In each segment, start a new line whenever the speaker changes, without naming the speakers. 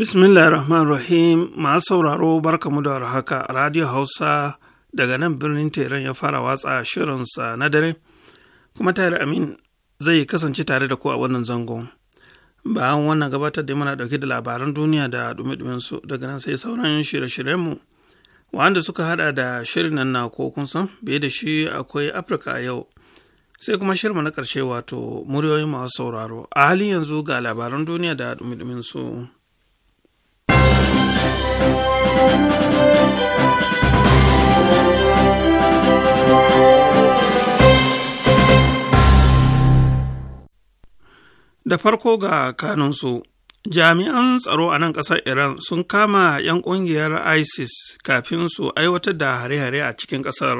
Bismillahirrahmanirrahim masu sauraro barka barkamu da warhaka Radio Hausa daga nan birnin Teran ya fara watsa shirinsa na dare, kuma tare Amin zai kasance tare da ku a wannan zangon. Bayan wannan gabatar da muna dauke da labaran duniya da dumi su daga nan sai sauran shirye-shiryenmu wanda suka hada da shirin nan na ko kun san bai da shi akwai Afirka a yau. Sai kuma shirma na karshe wato muryoyin masu sauraro. A halin yanzu ga labaran duniya da dumi su. Da farko ga kanunsu, jami'an tsaro a nan ƙasar Iran sun kama 'yan ƙungiyar ISIS kafin su aiwatar da hare-hare a cikin ƙasar.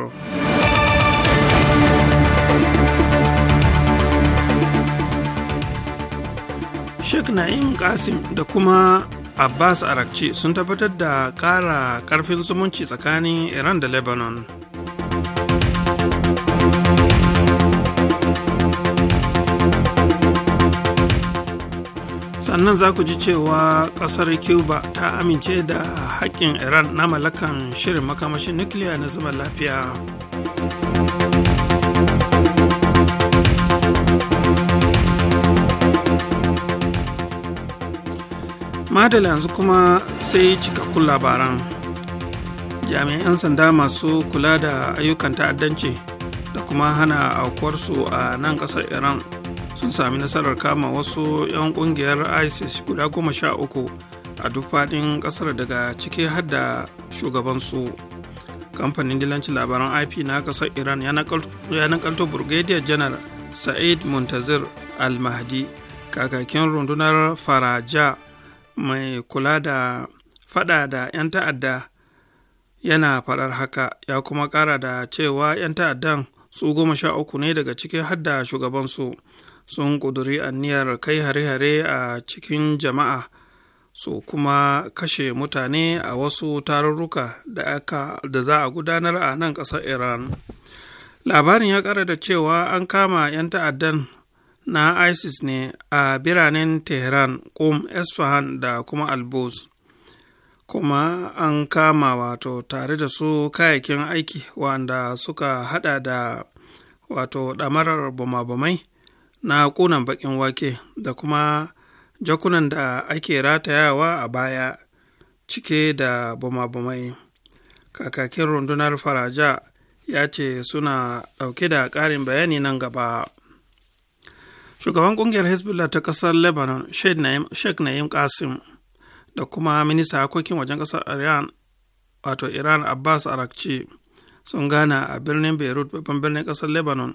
Sheikh Na'im Qasim da kuma abbas arakci sun tabbatar da ƙara ƙarfin zumunci tsakanin iran da lebanon sannan za ku ji cewa ƙasar cuba ta amince da haƙƙin iran na mallakan shirin makamashin nukiliya na zaman lafiya madala yanzu kuma sai cikakkun labaran jami'an sanda masu kula da ayyukan ta'addanci da kuma hana aukuwarsu a nan kasar iran sun sami nasarar kama wasu 'yan kungiyar isis guda goma sha uku a duk faɗin ƙasar daga ciki har da shugabansu kamfanin dilanci labaran ip na ƙasar iran ya nakalto brigadier janar sa'id muntazir al-mahdi kakakin rundunar faraja mai kula da fada da 'yan ta'adda yana faɗar haka ya kuma ƙara da cewa 'yan ta'addan su goma sha uku ne daga cikin hadda shugabansu sun ƙuduri aniyar kai hare-hare a cikin jama'a su kuma kashe mutane a wasu tarurruka da za a gudanar a nan ƙasar iran labarin ya ƙara da cewa an kama 'yan ta'addan na isis ne a biranen tehran Qom, esfahan da kuma albus kuma an kama wato tare da su kayayyakin aiki wanda suka hada da wato ɗamarar bamabamai na ƙunan bakin wake da kuma jakunan da ake ratayawa a baya cike da bama kakakin rundunar faraja ya ce suna ɗauke da ƙarin bayani nan gaba shugaban kungiyar hezbollah ta kasar lebanon sheikh na'im qasim da kuma minista harkokin wajen kasar iran wato iran abbas arakci sun gana a birnin beirut babban birnin kasar lebanon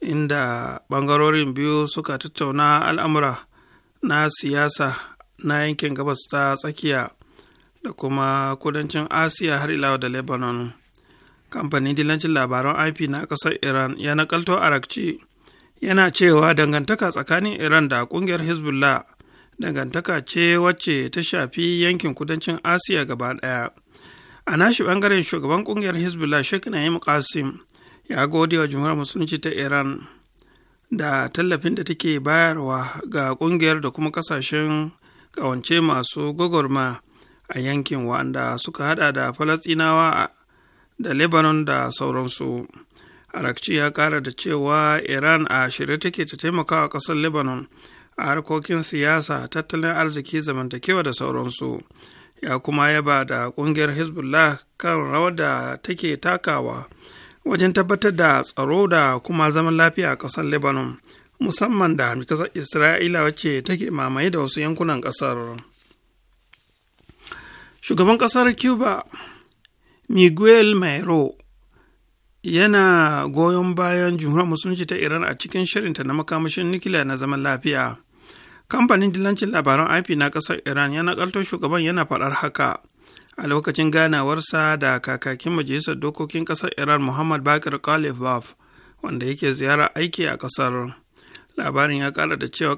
inda bangarorin biyu suka tattauna al'amura na siyasa na yankin gabas ta tsakiya da kuma kudancin asiya har ila da lebanon kamfanin dilancin labaran ip na kasar iran ya nakalto arakci yana cewa dangantaka tsakanin iran da kungiyar hezbollah dangantaka ce wacce ta shafi yankin kudancin asiya gaba daya a nashi bangaren shugaban kungiyar hezbollah sheikh na'im qasim ya gode wa jumhuriyar musulunci ta iran da tallafin da take bayarwa ga kungiyar da kuma kasashen kawance masu gwagwarma a yankin wanda suka hada da falasinawa da lebanon da sauransu arakci ya kara da cewa iran a shirye take ta taimaka wa ƙasar lebanon a harkokin siyasa tattalin arziki zamantakewa da sauransu ya kuma yaba da ƙungiyar hezbollah kan rawar da take takawa wajen tabbatar da tsaro da kuma zaman lafiya a ƙasar lebanon musamman da ƙasar isra'ila wacce take mamaye da wasu yankunan ƙasar shugaban ƙasar cuba miguel mairo yana goyon bayan jumhuriyar musulunci ta iran a cikin shirinta na makamashin nukiliya na zaman lafiya kamfanin dilancin labaran ip na ƙasar iran ya nakalto shugaban yana faɗar haka a lokacin ganawarsa da kakakin majalisar dokokin ƙasar iran muhammad bakir kalibaf wanda yake ziyara aiki a ƙasar labarin ya ƙara da cewa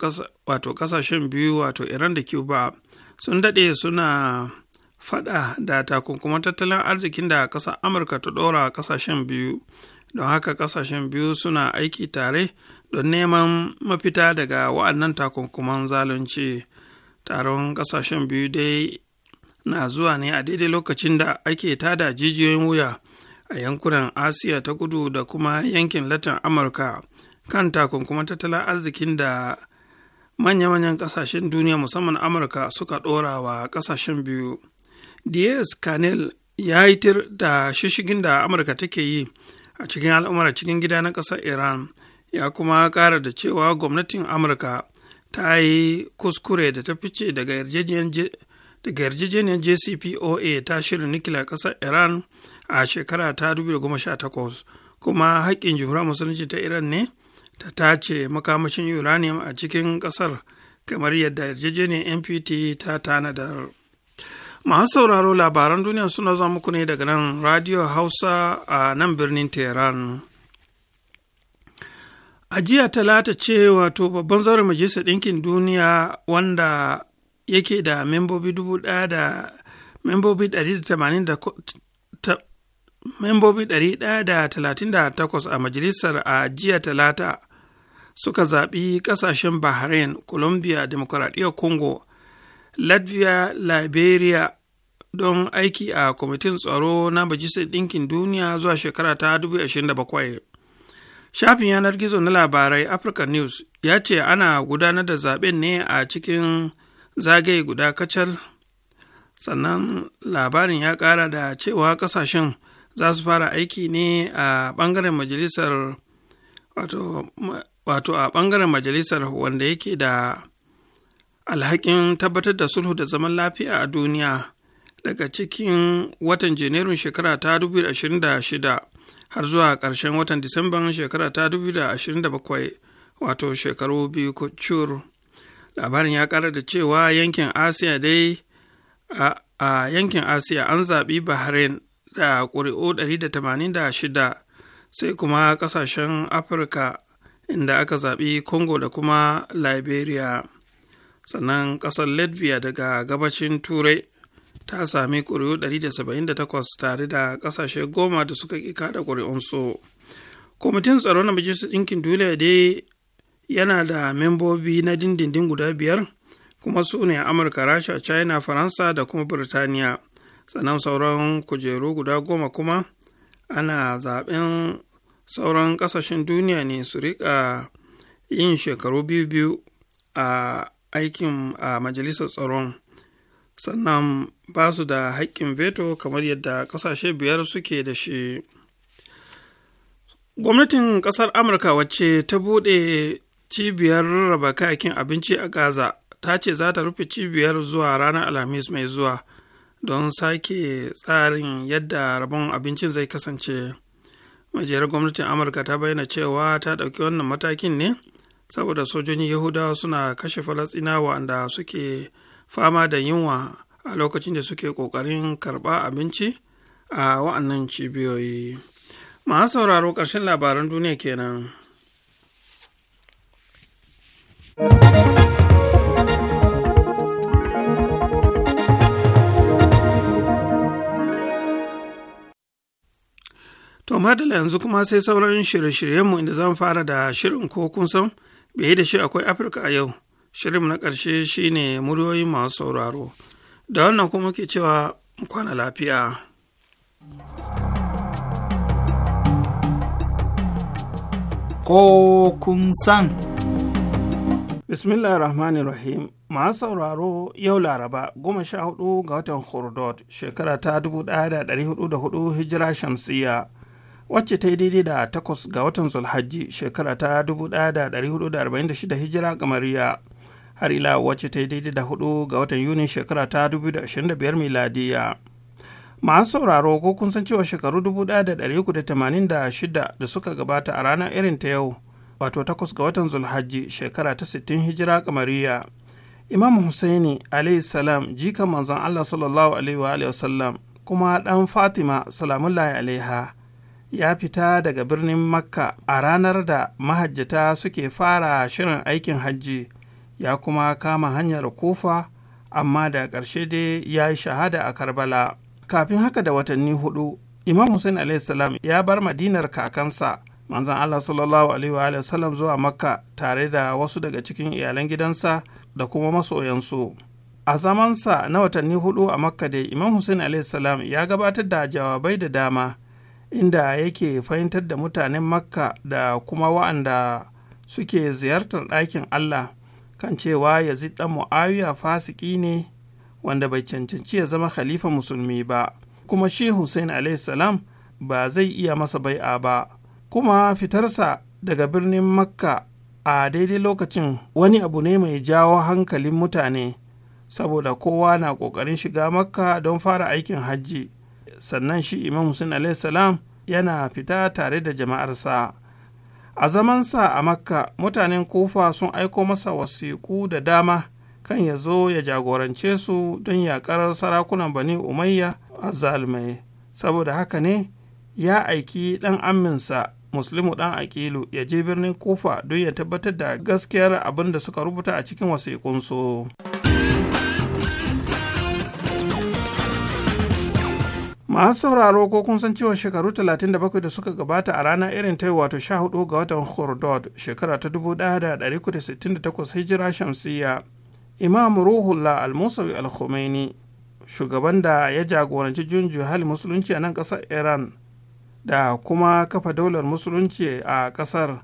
wato ƙasashen biyu wato iran da cuba sun daɗe suna fada da takunkuman tattalin arzikin da ƙasar amurka ta ɗora ƙasashen biyu don haka ƙasashen biyu suna aiki tare don neman mafita daga wa'annan takunkuman zalunci taron ƙasashen biyu dai na zuwa ne a daidai lokacin da ake tada jijiyoyin wuya a yankunan asiya ta kudu da kuma yankin latin amurka kan takunkuman tattalin arzikin da manya-manyan ƙasashen duniya musamman amurka suka ɗora wa ƙasashen biyu diaz canel ya yi tir da shishigin da amurka take yi a cikin al'ummar cikin gida na ƙasar iran ya kuma ƙara da cewa gwamnatin amurka ta yi kuskure da ta fice daga yarjejeniyar jcpoa ta shirin nikila ƙasar iran a shekara ta 2018 kuma haƙƙin jumhuriyar musulunci ta iran ne ta tace makamashin uranium a cikin ƙasar kamar yadda yarjejeniyar npt ta tanadar. masu sauraro labaran duniya suna zuwa muku ne daga nan radio hausa a nan birnin tehran a jiya talata ce wato babban zaurin majalisar ɗinkin duniya wanda yake da membobi dubu ɗaya da membobi ɗari da tamanin da ta membobi da da talatin takwas a majalisar a jiya talata suka zaɓi ƙasashen bahrain colombia demokuraɗiyyar congo latvia liberia don aiki a kwamitin tsaro na majalisar ɗinkin duniya zuwa shekara ta 2027 shafin yanar gizo na labarai african news ya ce ana gudanar da zaben ne a cikin zagaye guda kacal sannan labarin ya kara da cewa kasashen za su fara aiki ne a bangaren majalisar wato, a bangaren majalisar wanda yake da alhakin tabbatar da sulhu da zaman lafiya a duniya daga cikin watan janairun shekara ta 2026 har zuwa ƙarshen watan disamban shekara ta 2027 wato shekaru biyu kucur labarin ya ƙara da cewa yankin asiya dai a yankin asiya an zaɓi bahrain da ƙuri'u 186 sai kuma ƙasashen afirka inda aka zaɓi congo da kuma liberia sannan ƙasar latvia daga gabacin turai ta sami ƙuri'u 178 tare da ƙasashe goma da suka ƙi kada ƙuri'unsu kwamitin tsaro na majalisar ɗinkin duniya dai yana da membobi na dindindin guda biyar kuma su ne amurka rasha china faransa da kuma birtaniya sannan sauran kujeru guda goma kuma ana zaben sauran kasashen duniya ne su rika yin shekaru biyu biyu a aikin a majalisar tsaron sannan ba su da haƙƙin veto kamar yadda ƙasashe biyar suke da shi gwamnatin ƙasar amurka wacce ta buɗe cibiyar rarraba kayakin abinci a gaza ta ce za ta rufe cibiyar zuwa ranar alhamis mai zuwa don sake tsarin yadda rabon abincin zai kasance majiyar gwamnatin amurka ta bayyana cewa ta ɗauki wannan matakin ne saboda sojojin yahudawa suna kashe falasɗinawa wanda suke fama da yunwa a lokacin da suke ƙoƙarin karɓa abinci a wa'annan cibiyoyi masu sauraro ƙarshen labaran duniya kenan. To madalla yanzu kuma sai sauran shirye-shiryenmu inda zan fara da shirin ko kun san biye da shi akwai afirka a yau shirin na ƙarshe shine muryoyin masu sauraro da wannan kuma ke cewa kwana lafiya ko kun san bismillah rahmanir rahim masu sauraro yau laraba goma sha hudu ga watan hurdot shekara ta 1404 hijira shamsiyya wacce ta yi daidai da takwas ga watan zulhajji shekara ta 1446 hijira kamariya har ila wacce ta yi daidai da hudu ga watan Yuni shekara ta 2025 miladiya masu sauraro ko kun san cewa shekaru 1386 da suka gabata a ranar irin ta yau wato takwas ga watan zulhajji shekara ta 60 hijira kamariya imam husaini alayhi salam jikan manzon allah sallallahu alaihi wa sallam kuma dan fatima salamullahi alaiha ya fita daga birnin makka a ranar da mahajjata suke fara shirin aikin hajji ya kuma kama hanyar kofa amma da ƙarshe dai ya yi shahada a karbala kafin haka da watanni hudu imam hussein salam ya bar madinar kakansa manzan allah sallallahu alaihi wa sallam zuwa makka tare da wasu daga cikin iyalan gidansa da kuma masoyansu a zamansa na watanni hudu a makka dai imam hussein salam ya gabatar da jawabai da dama inda yake fahimtar da mutanen makka da kuma wa'anda suke ziyartar ɗakin allah kan cewa yazid ɗan mu'awiya fasiki ne wanda bai cancanci ya zama khalifa musulmi ba kuma shi hussein salam ba zai iya masa bai'a ba kuma fitarsa daga birnin makka a daidai lokacin wani abu ne mai jawo hankalin mutane saboda kowa na ƙoƙarin shiga makka don fara aikin hajji sannan shi imam Hussein salam yana fita tare da jama'arsa a sa a makka mutanen kufa sun aiko masa wasiƙu da dama kan ya zo ya jagorance su don yaƙar sarakunan bani umayya azzalmai saboda haka ne ya aiki ɗan aminsa muslimu ɗan aƙilu ya je birnin kufa don ya tabbatar da gaskiyar abin da suka rubuta a cikin wasiƙunsu. masu sauraro ko kun san cewa shekaru 37 da suka gabata a rana irin ta wato 14 ga watan hordod shekara ta 1968 hijira shamsiya imam ruhullah al-musawi al-khomeini shugaban da ya jagoranci junju hali musulunci a nan kasar iran da kuma kafa daular musulunci a kasar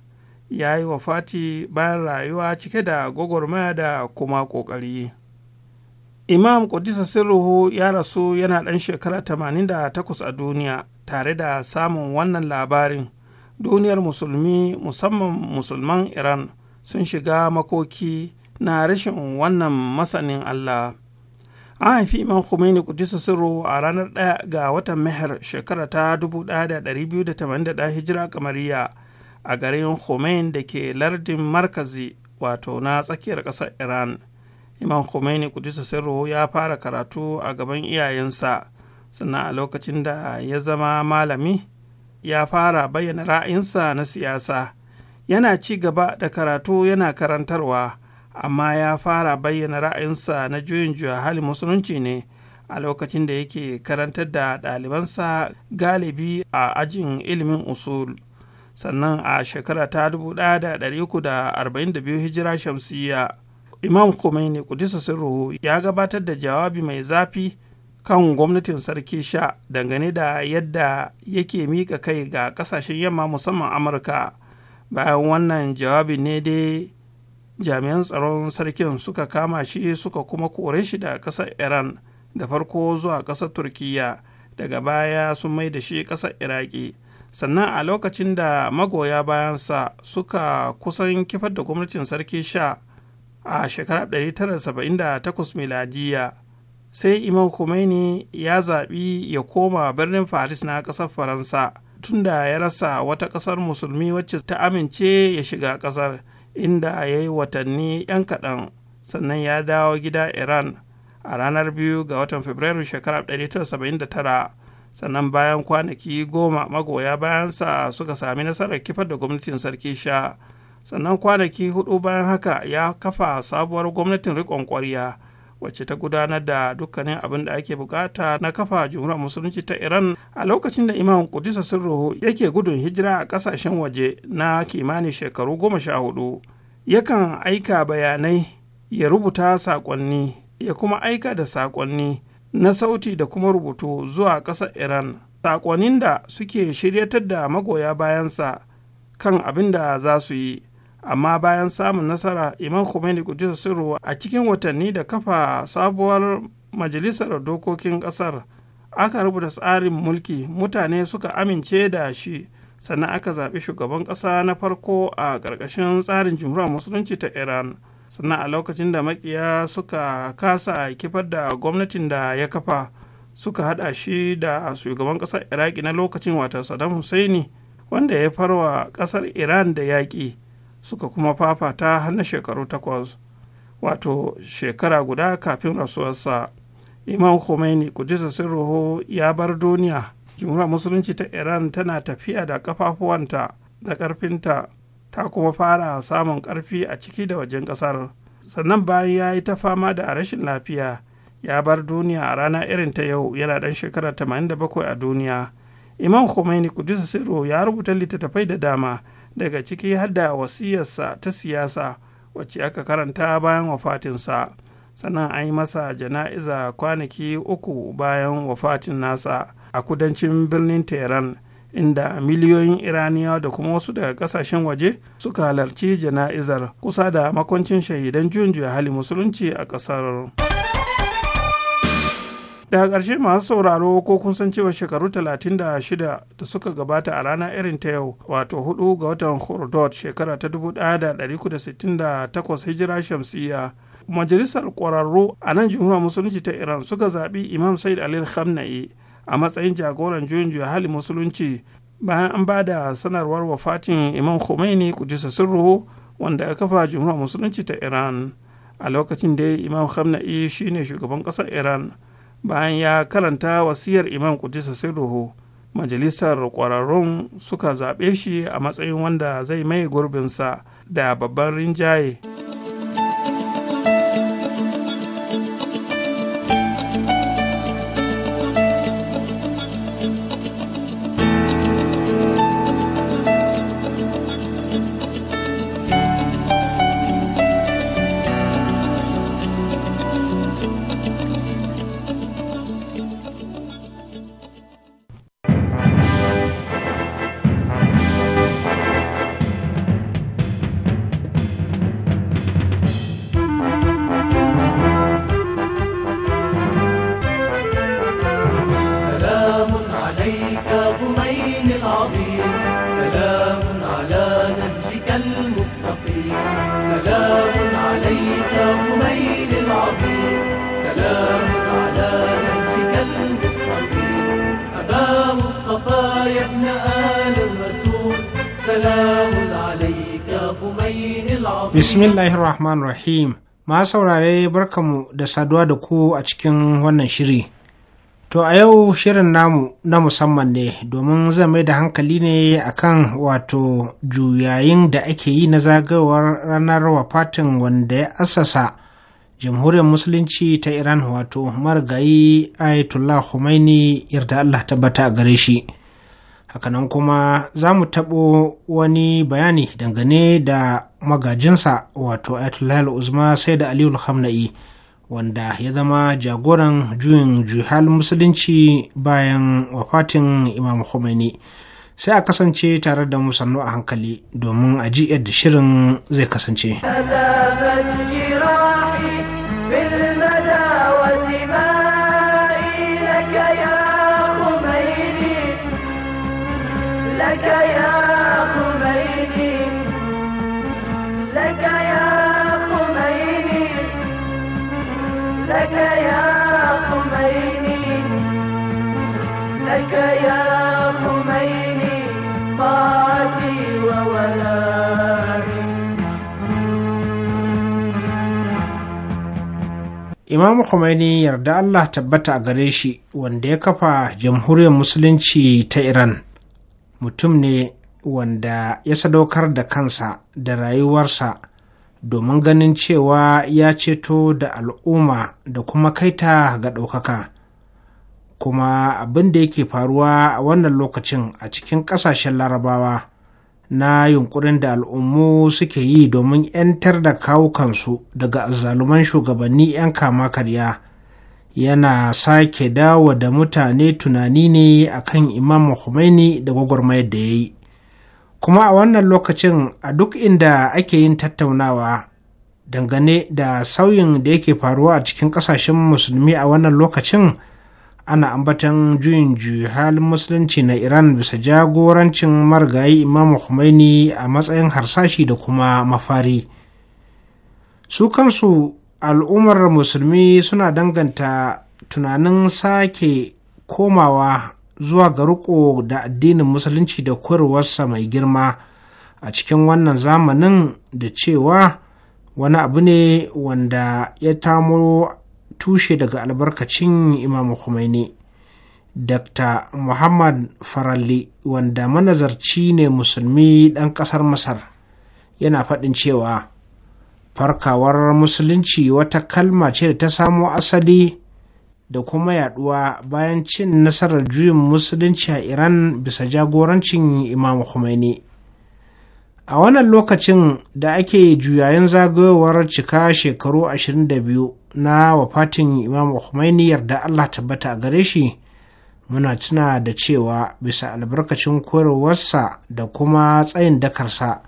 ya yi wa fati bayan rayuwa cike da gwagwarmaya da kuma ƙoƙari. imam kudisa sirruhu ya rasu yana ɗan shekara 88 a duniya tare da samun wannan labarin duniyar musulmi musamman musulman iran sun shiga makoki na rashin wannan masanin allah an haifi imam khomeini kudisa Sirruhu a ranar 1 ga watan meher shekara ta 1281 hijira kamariya a garin khomeini da ke lardin markazi wato na tsakiyar ƙasar iran imam khomeini kudisa sirru ya fara karatu a gaban iyayensa sannan a lokacin da ya zama malami ya fara bayyana ra'ayinsa na siyasa yana ci gaba da karatu yana karantarwa amma ya fara bayyana ra'ayinsa na juyin juya hali musulunci ne a lokacin da yake karantar da ɗalibansa galibi a ajin ilimin usul sannan a shekara ta 1342 hijira shamsiyya imam khomeini kudisa sirruhu ya gabatar da jawabi mai zafi kan gwamnatin sarki sha dangane da yadda yake mika kai ga kasashen yamma musamman amurka bayan wannan jawabi ne dai jami'an tsaron sarkin suka kama shi suka kuma kore shi da ƙasar iran da farko zuwa ƙasar turkiya daga baya sun mai da shi ƙasar iraki sannan a lokacin da magoya bayansa suka kusan kifar da gwamnatin sarki sha a shekarar 1978 miladiya sai imam Khomeini ya zaɓi ya koma birnin Faris na ƙasar Faransa tunda ya rasa wata ƙasar musulmi wacce ta amince ya shiga ƙasar inda ya yi watanni 'yan kaɗan sannan ya dawo gida Iran a ranar biyu ga watan Fabrairu shekarar 1979 sannan bayan kwanaki goma magoya bayansa suka sami nasarar kifar da gwamnatin sarki sha. sannan kwanaki hudu bayan haka ya kafa sabuwar gwamnatin rikon kwarya wacce ta gudanar da dukkanin abin da ake bukata na kafa jumhuriyar musulunci ta iran a lokacin da imam kudisa sirru yake gudun hijira a kasashen waje na kimanin shekaru goma sha hudu yakan aika bayanai ya rubuta saƙonni ya kuma aika da saƙonni na sauti da kuma rubutu zuwa ƙasar iran saƙonnin da suke shiryatar da magoya bayansa kan abin da za su yi amma bayan samun nasara imam khomeini kudus sirruwa a cikin watanni da kafa sabuwar majalisar dokokin kasar aka rubuta tsarin mulki mutane suka amince da shi sannan aka zaɓi shugaban ƙasa na farko a ƙarƙashin tsarin jumhuriyar musulunci ta iran sannan a lokacin da makiya suka kasa kifar da gwamnatin da ya kafa suka haɗa shi da shugaban ƙasar iraki na lokacin wata saddam husaini wanda ya farwa ƙasar iran da yaƙi suka kuma fafata har na shekaru takwas wato shekara guda kafin rasuwarsa imam khomeini kudisa sirruhu ya bar duniya jumhuriyar musulunci ta iran tana tafiya da kafafuwanta da karfinta ta kuma fara samun karfi a ciki da wajen kasar sannan bayan ya yi ta fama da rashin lafiya ya bar duniya a rana irin ta yau yana dan shekara 87 a duniya imam khomeini kudisa sirruhu ya rubuta littattafai da dama daga ciki hadda wasiyarsa ta siyasa wacce aka karanta bayan wafatinsa sannan an yi masa jana'iza kwanaki uku bayan wafatin nasa a kudancin birnin tehran inda miliyoyin iraniya da kuma wasu daga kasashen waje suka halarci jana'izar kusa da makwancin shahidan juyin hali musulunci a kasar. daga ƙarshe masu sauraro ko kun san cewa shekaru 36 da suka gabata a rana irin ta yau wato hudu ga watan hordot shekara ta 1968 hijira shamsiya majalisar ƙwararru a nan jihuna musulunci ta iran suka zaɓi imam said alil khamna'i a matsayin jagoran juyin juya hali musulunci bayan an ba da sanarwar wafatin imam khomeini kudisa sirru wanda ya kafa jihuna musulunci ta iran a lokacin da imam khamna'i shine shugaban ƙasar iran bayan ya karanta wasiyar imam kudisa sirruhu majalisar kwararrun suka zaɓe shi a matsayin wanda zai mai gurbinsa da babban rinjaye.
ابن آل الرسول سلام
عليك فمين العظيم بسم
الله الرحمن الرحيم Ma saurare barkamu da saduwa da ku a cikin wannan shiri. To a yau shirin namu na musamman ne domin zai mai da hankali ne akan wato juyayin da ake yi na zagayowar ranar wafatin wanda ya asasa jamhuriyar musulunci ta iran wato marigayi ayatollah khomeini yarda allah tabbata a gare shi hakanan kuma za mu taɓo wani bayani dangane da magajinsa wato ayatollah uzma sai da aliyu hamna'i wanda ya zama jagoran juyin juhal musulunci bayan wafatin imam khomeini sai a kasance tare da musannu a hankali domin a ji yadda shirin zai kasance. Imam Khomeini yarda Allah tabbata a gare shi wanda ya kafa jamhuriyar musulunci ta Iran mutum ne wanda ya sadaukar da kansa da rayuwarsa domin ganin cewa ya ceto da al'umma da kuma kaita ga ɗaukaka. kuma abin da yake faruwa a wannan lokacin a cikin ƙasashen larabawa na yunkurin da al'ummu suke yi domin 'yantar da kawukansu daga azzaluman shugabanni 'yan kama karya yana sake dawo da mutane tunani ne akan imam Khomeini da gwagwarmayar da ya yi kuma a wannan lokacin a duk inda ake yin tattaunawa dangane da sauyin da yake faruwa a cikin ƙasashen musulmi a wannan lokacin ana ambatan juyin juyi halin musulunci na iran bisa jagorancin marigayi imam khomeini a matsayin harsashi da kuma mafari su kansu al'ummar musulmi suna danganta tunanin sake komawa zuwa ga riko da addinin musulunci da koyarwarsa mai girma a cikin wannan zamanin da cewa wani abu ne wanda ya tamo tushe daga albarkacin imam Khomeini. Dr. Muhammad Faralli wanda manazarci ne musulmi ɗan ƙasar Masar yana faɗin cewa farkawar musulunci wata kalma ce da ta samo asali da kuma yaduwa bayan cin nasarar juyin musulunci a Iran bisa jagorancin Imam Khomeini. a wannan lokacin da ake juyayen zagayowar cika shekaru 22 na wafatin imam Khomeini yarda Allah tabbata a gare shi muna tuna da cewa bisa albarkacin koyarwarsa da kuma tsayin dakarsa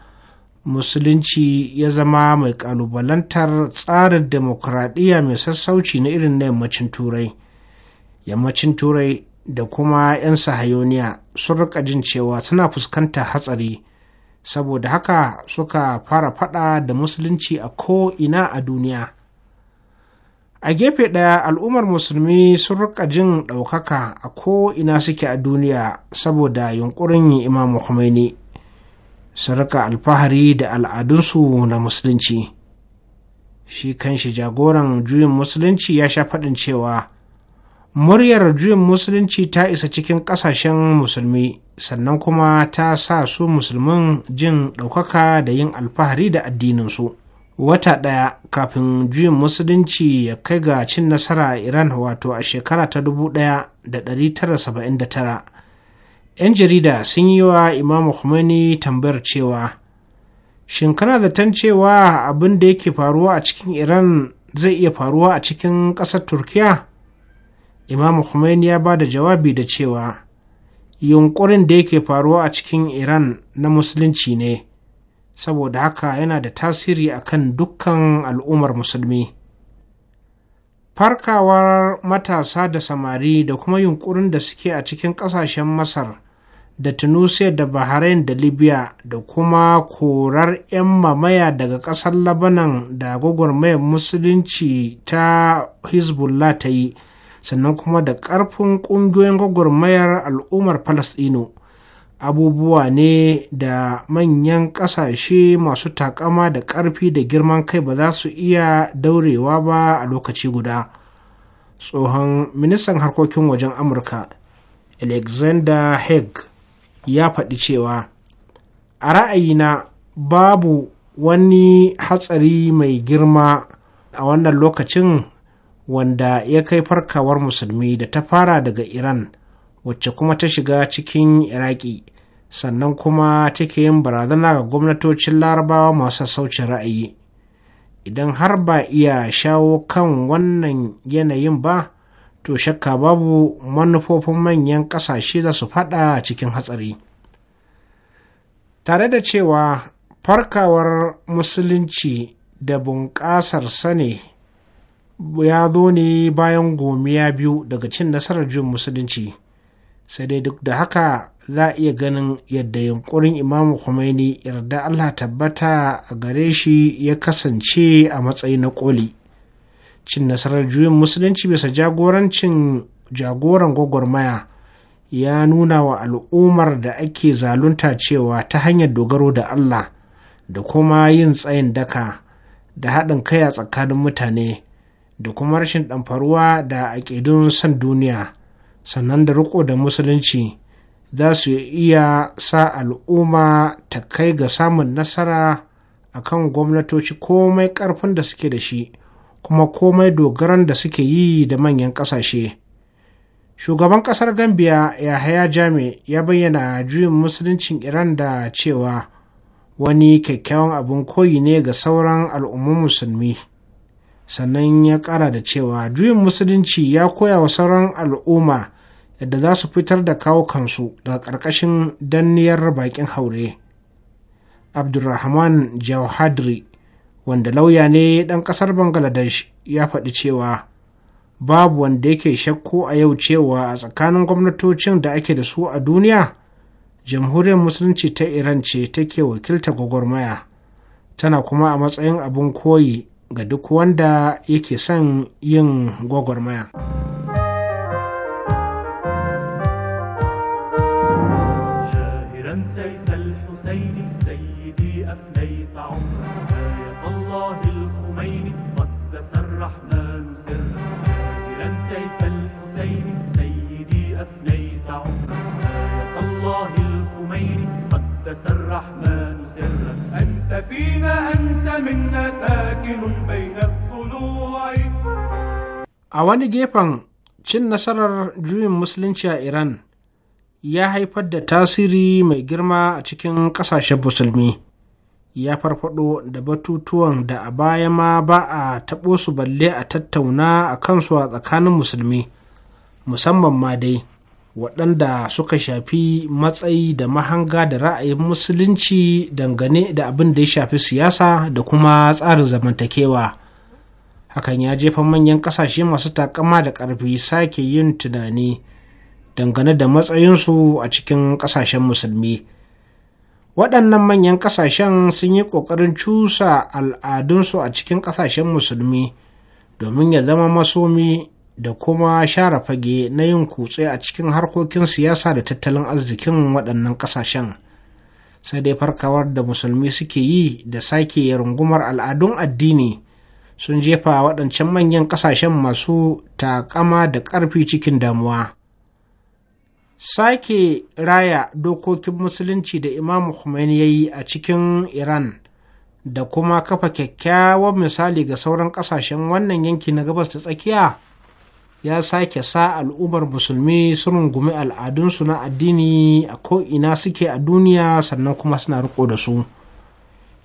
musulunci ya zama mai kalubalantar tsarin demokuraɗiyya mai sassauci na irin na yammacin turai yammacin turai da kuma 'yan sahayoniya sun rika jin cewa suna fuskantar hatsari saboda haka suka fara fada da musulunci a ko'ina a duniya a gefe ɗaya al'ummar musulmi sun rika jin ɗaukaka a ko'ina suke a duniya saboda yunkurin yi imam Khomeini su rika alfahari da al'adunsu na musulunci shi kanshi jagoran juyin musulunci ya sha faɗin cewa muryar juyin musulunci ta isa cikin ƙasashen musulmi sannan kuma ta sa su musulmin jin ɗaukaka da yin alfahari da addininsu wata ɗaya kafin juyin musulunci ya kai ga cin nasara a iran wato a shekara ta dubu ɗaya da tara tara. 'yan jarida sun yi wa imamu khomeini tambayar cewa shin kana zaton cewa abin da yake faruwa a cikin iran zai iya faruwa a cikin ƙasar turkiya imamu khomeini ya ba da jawabi da cewa yunkurin da yake faruwa a cikin iran na musulunci ne saboda haka yana da tasiri akan dukkan al'ummar musulmi farkawar matasa da samari da kuma yunkurin da suke a cikin ƙasashen masar da tunisia da bahrain da libya da kuma korar 'yan mamaya daga ƙasar labanan da gwagwarmayar musulunci ta hezbollah ta yi sannan kuma da ƙarfin ƙungiyoyin gwagwarmayar al'ummar falasɗino abubuwa ne da manyan ƙasashe masu takama da ƙarfi da girman kai ba za su iya daurewa ba a lokaci guda tsohon ministan harkokin wajen amurka alexander haig ya faɗi cewa a ra'ayina babu wani hatsari mai girma a wannan lokacin wanda ya kai farkawar musulmi da ta fara daga iran wacce kuma ta shiga cikin iraki sannan kuma take yin barazana ga gwamnatocin larabawa masu saucin ra'ayi idan har ba iya shawo kan wannan yanayin ba to shakka babu manufofin manyan ƙasashe za su faɗa cikin hatsari tare da cewa farkawar musulunci da bunƙasar sane ya zo ne bayan gomiya biyu daga cin nasarar juyin musulunci sai dai duk da haka za a iya ganin yadda yunkurin imamu Khomeini yarda allah tabbata a gare shi ya kasance a matsayi na koli cin nasarar juyin musulunci bisa jagorancin jagoran gwagwarmaya ya nuna wa al'ummar da ake zalunta cewa ta hanyar dogaro da allah da kuma yin tsayin daka da haɗin kai a tsakanin mutane da kuma rashin ɗamfaruwa da aƙidun san duniya sannan da riko da musulunci za su iya sa al'umma ta kai ga samun nasara a kan gwamnatoci komai ƙarfin da suke da shi kuma komai dogaran da suke yi da manyan ƙasashe shugaban ƙasar gambia yahaya jami ya bayyana juyin musuluncin iran da cewa wani kyakkyawan abin koyi ne ga sauran al'ummun musulmi sannan ya kara da cewa juyin musulunci ya koya wa sauran al'umma yadda za su fitar da kawo kansu daga ƙarƙashin danniyar baƙin haure abdulrahman jawhadri wanda lauya ne ɗan ƙasar bangladesh ya faɗi cewa babu wanda yake shakku a yau cewa a tsakanin gwamnatocin da ake da su a duniya jamhuriyar musulunci ta iran ce take wakilta gwagwarmaya tana kuma a matsayin abin koyi ga duk wanda yake son yin gwagwarmaya. a wani gefen cin nasarar juyin musulunci a iran ya haifar da tasiri mai girma a cikin ƙasashen musulmi ya farfaɗo da batutuwan da a baya ma ba a taɓo su balle a tattauna a kansu a tsakanin musulmi musamman ma dai waɗanda suka shafi matsayi da mahanga da ra'ayin musulunci dangane da abin da ya shafi siyasa da kuma tsarin zamantakewa hakan ya jefa manyan kasashe masu takama da ƙarfi sake yin tunani dangane da matsayinsu a cikin ƙasashen musulmi waɗannan manyan ƙasashen sun yi ƙoƙarin cusa al'adunsu a cikin ƙasashen musulmi domin ya zama masomi da kuma share fage na yin kutse a cikin harkokin siyasa da tattalin arzikin waɗannan ƙasashen sai dai farkawar da musulmi suke yi da sake rungumar al'adun addini sun jefa waɗancan manyan ƙasashen masu taƙama da ƙarfi cikin damuwa. Sake raya dokokin musulunci da Imam Khomeini ya yi a cikin Iran da kuma kafa kyakkyawan misali ga sauran ƙasashen wannan yanki na gabas ta tsakiya ya sake sa al'ummar musulmi sun rungumi al'adunsu na addini a ko'ina suke a duniya sannan kuma suna riko da su.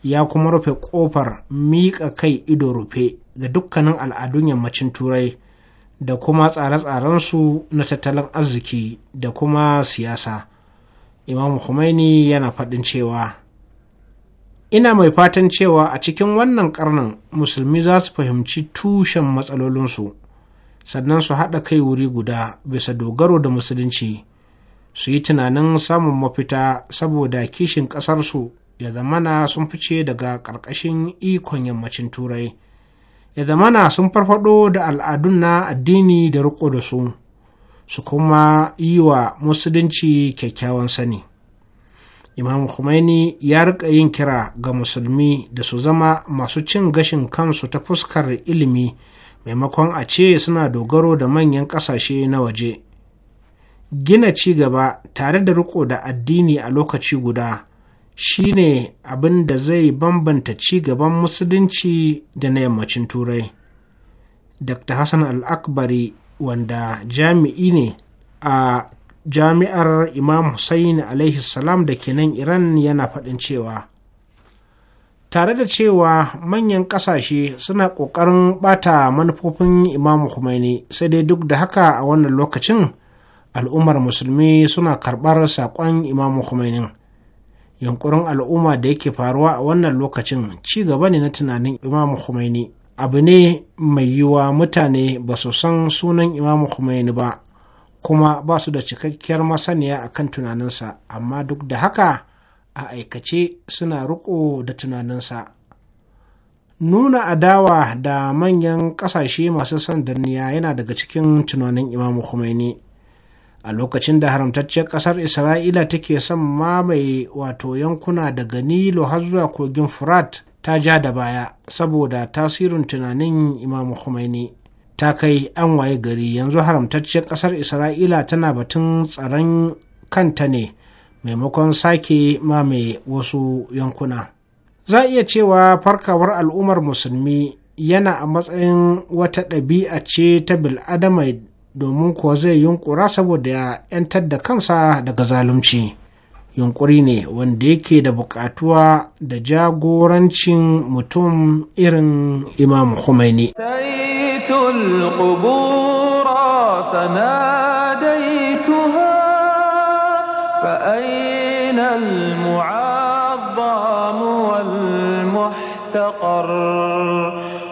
ya kuma rufe ƙofar miƙa kai ido rufe ga dukkanin al'adun yammacin turai da kuma tsare-tsarensu na tattalin arziki da kuma siyasa imam Khomeini yana faɗin cewa ina mai fatan cewa a cikin wannan karnin musulmi za su fahimci tushen matsalolinsu sannan su haɗa kai wuri guda bisa dogaro da musulunci su yi tunanin samun mafita saboda kishin ƙasarsu ya zamana sun fice daga ƙarƙashin ikon yammacin turai ya zamana sun farfado da al'adun na addini da riko da su su kuma yi wa musulunci kyakkyawan sani imam Khomeini ya rika yin kira ga musulmi da su zama masu cin gashin kansu ta fuskar ilimi maimakon a ce suna dogaro da manyan ƙasashe na waje gina ci gaba tare da riko da addini a lokaci guda Shi ne abin da zai bambanta ci gaban musulunci da na yammacin turai dr hassan al-akbari wanda jami'i ne a jami'ar imam hussain alaihi salam da ke nan iran yana faɗin cewa tare da cewa manyan ƙasashe suna ƙoƙarin ɓata manufofin imam Khomeini sai dai duk da haka a wannan lokacin al'ummar musulmi suna karɓar saƙon imam Khomeini. yunkurin al'umma da yake faruwa a wannan lokacin ci gaba ne na tunanin imamu Khomeini abu ne mai yiwa mutane ba su san sunan imamu Khomeini ba kuma ba su da cikakkiyar masaniya a kan tunaninsa amma duk da haka a aikace suna riko da tunaninsa nuna adawa da manyan ƙasashe masu son danniya yana daga cikin tunanin imam Khomeini a lokacin da haramtacciyar ƙasar isra'ila take son mamaye wato yankuna daga nilo har zuwa kogin furat ta ja da baya saboda tasirin tunanin imam khomeini ta kai an waye gari yanzu haramtacciyar ƙasar isra'ila tana batun tsaron kanta ne maimakon sake mamaye wasu yankuna za iya cewa farkawar al'ummar musulmi yana a matsayin wata ɗabi'a ce ta bil'adama domin kuwa zai yunkura saboda ya 'yantar da kansa daga zalunci yunkuri ne wanda yake da bukatuwa da jagorancin mutum irin imam Khomeini.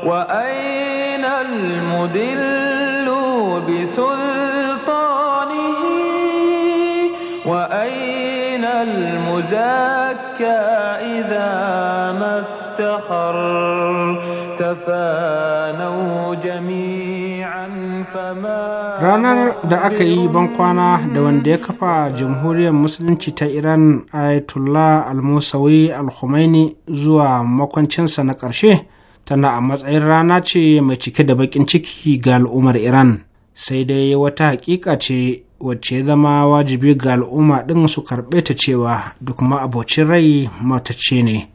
وأين المدل
سخر
تفانوا جميعا فما ranar da aka yi bankwana da wanda ya kafa jamhuriyar musulunci ta iran ayatollah al-musawi al zuwa makwancinsa na ƙarshe tana a matsayin rana ce mai cike da baƙin ciki ga al'ummar iran sai dai wata haƙiƙa ce wacce ya zama wajibi ga al'umma ɗin su karɓe ta cewa duk ma abocin rai matace ne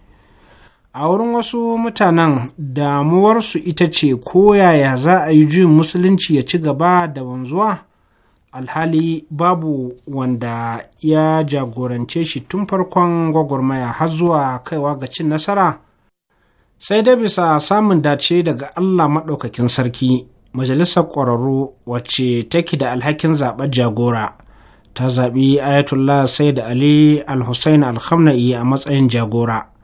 a wurin wasu mutanen damuwarsu ita ce ko yaya za a yi juyin musulunci ya ci gaba da wanzuwa alhali babu wanda ya jagorance shi tun farkon gwagwarmaya har zuwa kaiwa ga cin nasara sai dai bisa samun dace daga allah maɗaukakin sarki majalisar ƙwararru wacce take da alhakin zaɓen jagora ta zaɓi ayatollah said ali al-hussein a matsayin jagora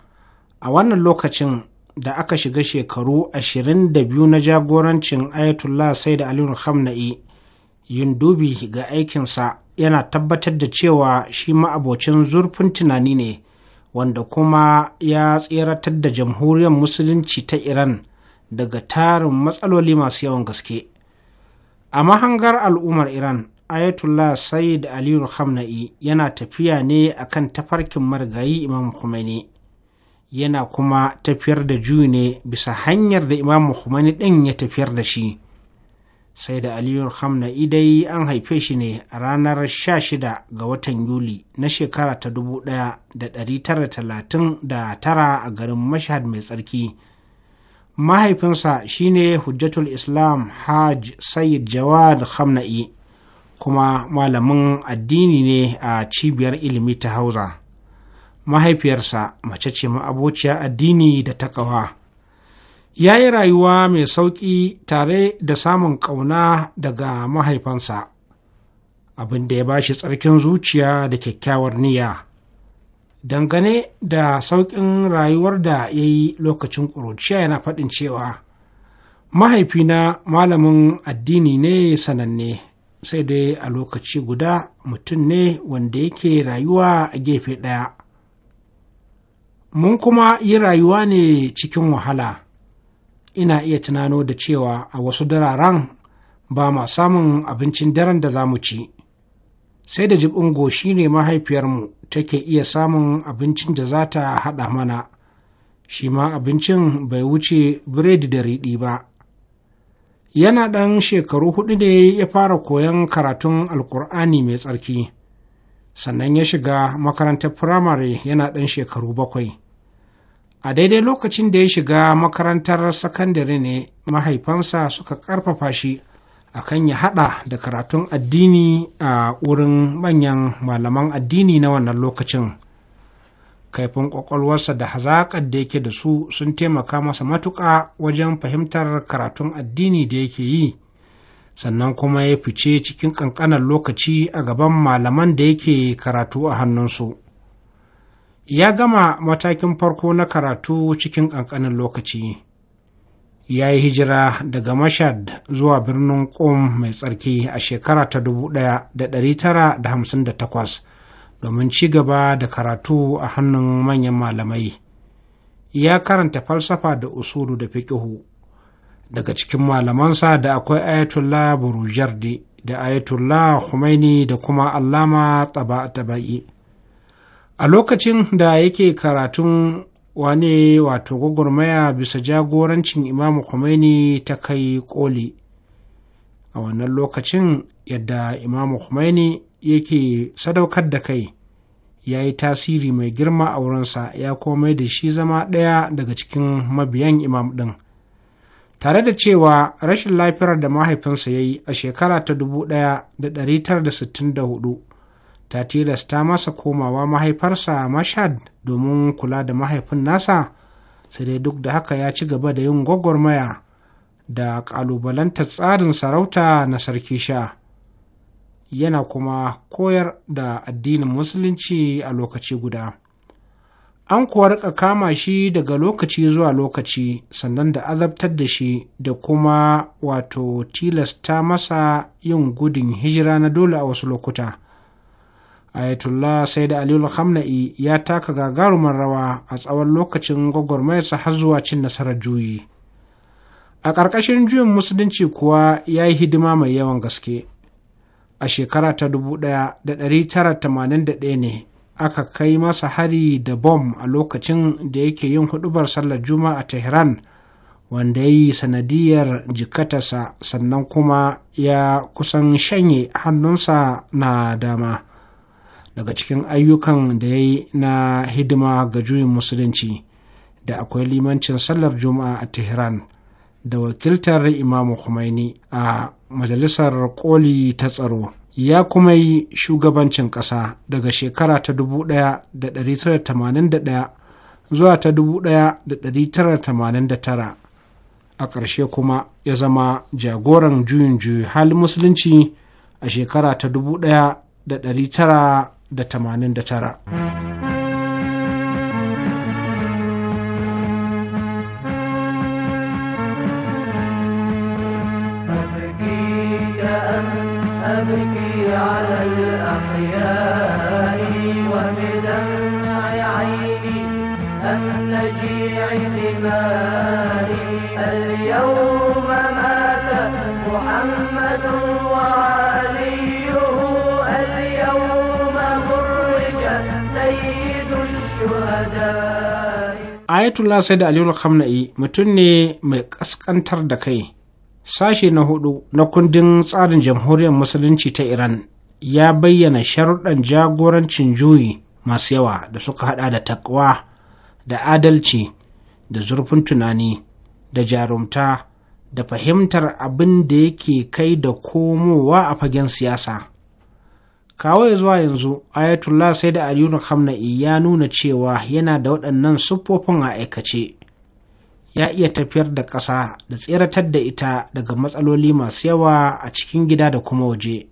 a wannan lokacin da aka shiga shekaru 22 na jagorancin ayatollah sai da aliyu khamna'i yin dubi ga aikinsa yana tabbatar da cewa shi ma'abocin zurfin tunani ne wanda kuma ya tseratar da jamhuriyar musulunci ta iran daga tarin matsaloli masu yawan gaske a mahangar al'ummar iran ayatollah said aliyu khamna'i yana tafiya ne akan tafarkin marigayi imam khomeini yana kuma tafiyar da juyi ne bisa hanyar da imam Khomeini ɗin ya tafiyar da shi sai da aliyu hamna'i dai an haife shi ne a ranar 16 ga watan yuli na shekara ta 1939 a garin mashhad mai tsarki mahaifinsa shine hujjatul islam hajj sayyid jawad hamna'i kuma malamin addini ne a cibiyar ilimi ta hausa mahaifiyarsa mace ce ma'abociya addini da takawa ya yi rayuwa mai sauƙi tare da samun ƙauna daga mahaifansa abin da ya ba shi tsarkin zuciya da kyakkyawar niyya dangane da sauƙin rayuwar da ya yi lokacin ƙuruciya yana faɗin cewa mahaifina malamin addini ne sananne sai dai a lokaci guda mutum ne wanda yake rayuwa a gefe ɗaya mun kuma yi rayuwa ne cikin wahala ina iya tunano da cewa a wasu dararen ba ma samun abincin daren da za mu ci sai da jibin goshi ne mahaifiyarmu take iya samun abincin da za ta haɗa mana shi ma abincin bai wuce biredi da riɗi ba yana ɗan shekaru hudu ne ya fara koyon karatun alkur'ani mai tsarki sannan ya shiga makarantar firamare yana ɗan shekaru bakwai a daidai lokacin da ya shiga makarantar sakandare ne mahaifansa suka karfafa shi akan ya hada da karatun addini a wurin manyan malaman addini na wannan lokacin kaifin kwakwalwarsa da hazaƙar da yake da su sun taimaka masa matuƙa wajen fahimtar karatun addini da yake yi sannan kuma ya fice cikin ƙanƙanar lokaci a gaban malaman da yake karatu a hannunsu ya gama matakin farko na karatu cikin ƙanƙanin lokaci ya yi hijira daga mashad zuwa birnin ƙom mai tsarki a shekara ta 1958 domin ci gaba da karatu a hannun manyan malamai ya karanta falsafa da usulu da fiƙihu daga cikin malamansa da akwai ayatollah burujardi da ayatollah khomeini da kuma allama taba taba'i a lokacin da yake karatun wane wato gwagwarmaya bisa jagorancin imamu Khomeini ta kai koli a wannan lokacin yadda imamu Khomeini yake sadaukar da kai ya yi tasiri mai girma a wurinsa ya komai da shi zama ɗaya daga cikin mabiyan imam ɗin tare da cewa rashin lafiyar da mahaifinsa ya yi a shekara ta 1964 ta tilasta masa komawa mahaifarsa mashad domin kula da mahaifin nasa sai dai duk da haka ya ci gaba da yin gwagwarmaya da ƙalubalantar tsarin sarauta na sarki sha yana kuma koyar da addinin musulunci a lokaci guda an kuwa rika kama shi daga lokaci zuwa lokaci sannan da azabtar da shi da kuma wato tilasta masa yin gudun hijira na dole a wasu lokuta ayatollah sai da aliyu ya taka gagarumar rawa a tsawon lokacin gwagwarmayarsa har zuwa cin nasarar juyi a ƙarƙashin juyin musulunci kuwa ya yi hidima mai yawan gaske a shekara ta ɗaya ne aka kai masa hari da bom a lokacin da yake yin hudubar sallar juma'a a tehran wanda ya yi sanadiyar jikatarsa sannan kuma ya kusan shanye hannunsa na dama daga cikin ayyukan da ya yi na hidima ga juyin musulunci da akwai limancin sallar juma'a a tehran da wakiltar imamu Khomeini a majalisar koli ta tsaro ya kuma yi shugabancin ƙasa daga shekara ta 1981 zuwa ta 1989 a ƙarshe kuma ya zama jagoran juyin juyi hal musulunci a shekara ta 1900 أبكي
على الأحياء وبدمع عيني أم نجيع اليوم مات محمد وعلي
Ayatollah Said Aliyu Khamenei mutum ne mai kaskantar da kai. Sashe na hudu na kundin tsarin jamhuriyar musulunci ta Iran ya bayyana sharuɗan jagorancin juyi masu yawa da suka hada da takwa da adalci da zurfin tunani da jarumta da fahimtar abin da yake kai da komowa a fagen siyasa Kawai zuwa yanzu ayatollah sai da aliyu hamna'i ya nuna cewa yana da waɗannan siffofin a aikace ya iya tafiyar da ƙasa da tseratar da ita daga matsaloli masu yawa a cikin gida da kuma waje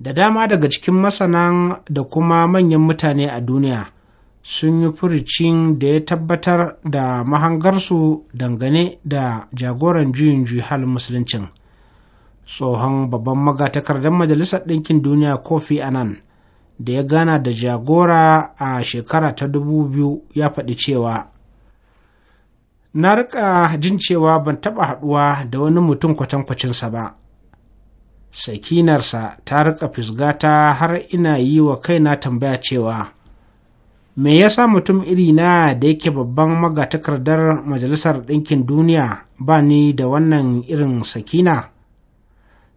da dama daga cikin masanan da kuma manyan mutane a duniya sun yi furicin da ya tabbatar da mahangarsu dangane da jagoran juyin juyi halin musuluncin. tsohon babban magatakardar majalisar ɗinkin duniya kofi anan da ya gana da jagora a shekara ta dubu biyu ya faɗi cewa na rika jin cewa ban taɓa haɗuwa da wani mutum kwatankwacinsa ba sakinarsa ta rika fisgata har ina yi wa kaina tambaya cewa me yasa mutum iri na da yake babban magatakardar majalisar ɗinkin duniya ba ni da wannan irin sakina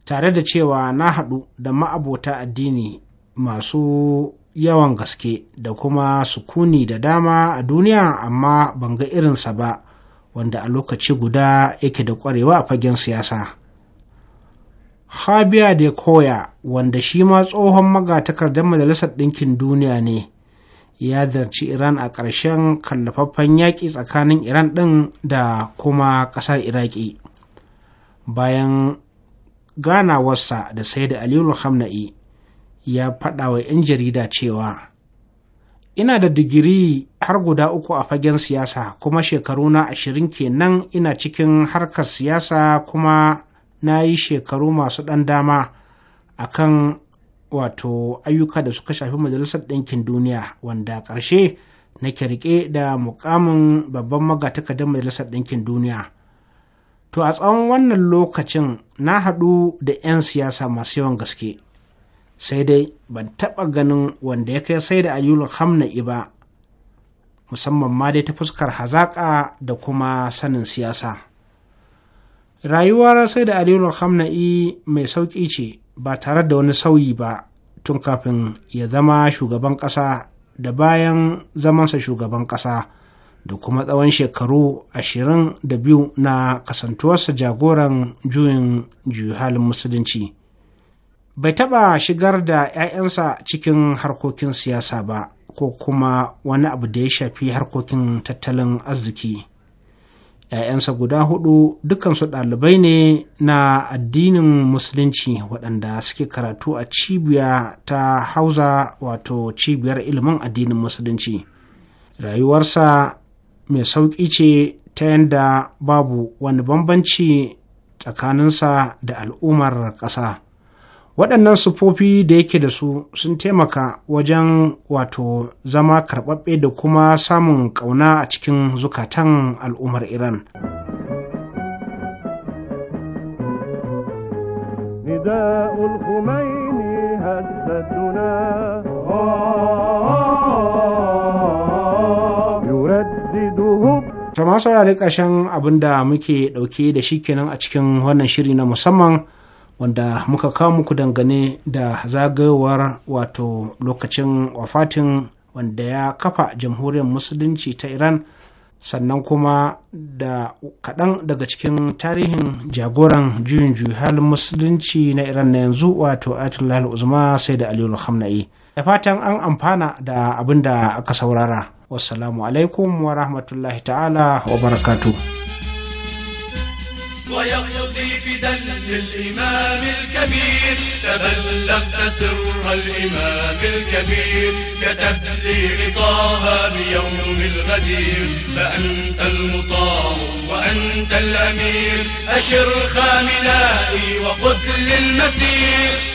tare da cewa na haɗu da ma'abota addini masu yawan gaske da kuma sukuni da dama a duniya amma ban ga irinsa ba wanda a lokaci guda yake da ƙwarewa a fagen siyasa. Habia de Koya wanda shi ma tsohon magatakardar Majalisar Ɗinkin Duniya ne ya zarci Iran a ƙarshen kallafaffen yaƙi tsakanin Iran ɗin da kuma ƙasar Iraki. Bayan ganawarsa da sai da aliyu hamna'i ya faɗa wa 'yan jarida cewa ina da digiri har guda uku a fagen siyasa kuma shekaru na ashirin kenan ina cikin harkar siyasa kuma na yi shekaru masu ɗan dama a kan wato ayyuka da suka shafi majalisar ɗinkin duniya wanda ƙarshe na riƙe da mukamin babban magatakardar majalisar ɗinkin duniya To a tsawon wannan lokacin na haɗu da 'yan siyasa masu yawan gaske, sai dai ban taɓa ganin wanda ya kai sai da ayyulun hamna ba, musamman ma dai ta fuskar hazaƙa da kuma sanin siyasa. Rayuwar sai da Aliyu hamna mai sauƙi ce ba tare da wani sauyi ba tun kafin ya zama shugaban ƙasa da bayan zamansa shugaban ƙasa. da kuma tsawon shekaru ashirin da biyu na kasantuwarsa jagoran juyin juyi halin musulunci bai taɓa shigar da 'ya'yansa cikin harkokin siyasa ba ko kuma wani abu da ya shafi harkokin tattalin arziki ‘ya'yansa guda hudu dukansu ɗalibai ne na addinin musulunci waɗanda suke karatu a cibiya ta hauza wato cibiyar ilimin addinin musulunci rayuwarsa mai sauƙi ce ta yadda babu wani bambanci tsakaninsa da al'ummar ƙasa waɗannan sufofi da yake da su sun taimaka wajen wato zama karɓaɓɓe da kuma samun ƙauna a cikin zukatan al'ummar iran
نداء الخميني هزتنا
Tama saurari ƙarshen abin da muke ɗauke da shi kenan a cikin wannan shiri na musamman wanda muka kawo muku dangane da zagayowar wato lokacin wafatin wanda ya kafa jamhuriyar musulunci ta Iran sannan kuma da kaɗan daga cikin tarihin jagoran juyin halin musulunci na Iran na yanzu wato Ayatollah Uzma sai da Aliyu Da fatan an amfana da abin da aka saurara. wassalamu alaikum wa rahmatullahi ta'ala wa barakatu
ويقضي فدا للإمام الكبير تبلغت سر الإمام الكبير كتبت لي غطاها بيوم الغدير فأنت المطاع وأنت الأمير أشر خاملائي وخذ للمسير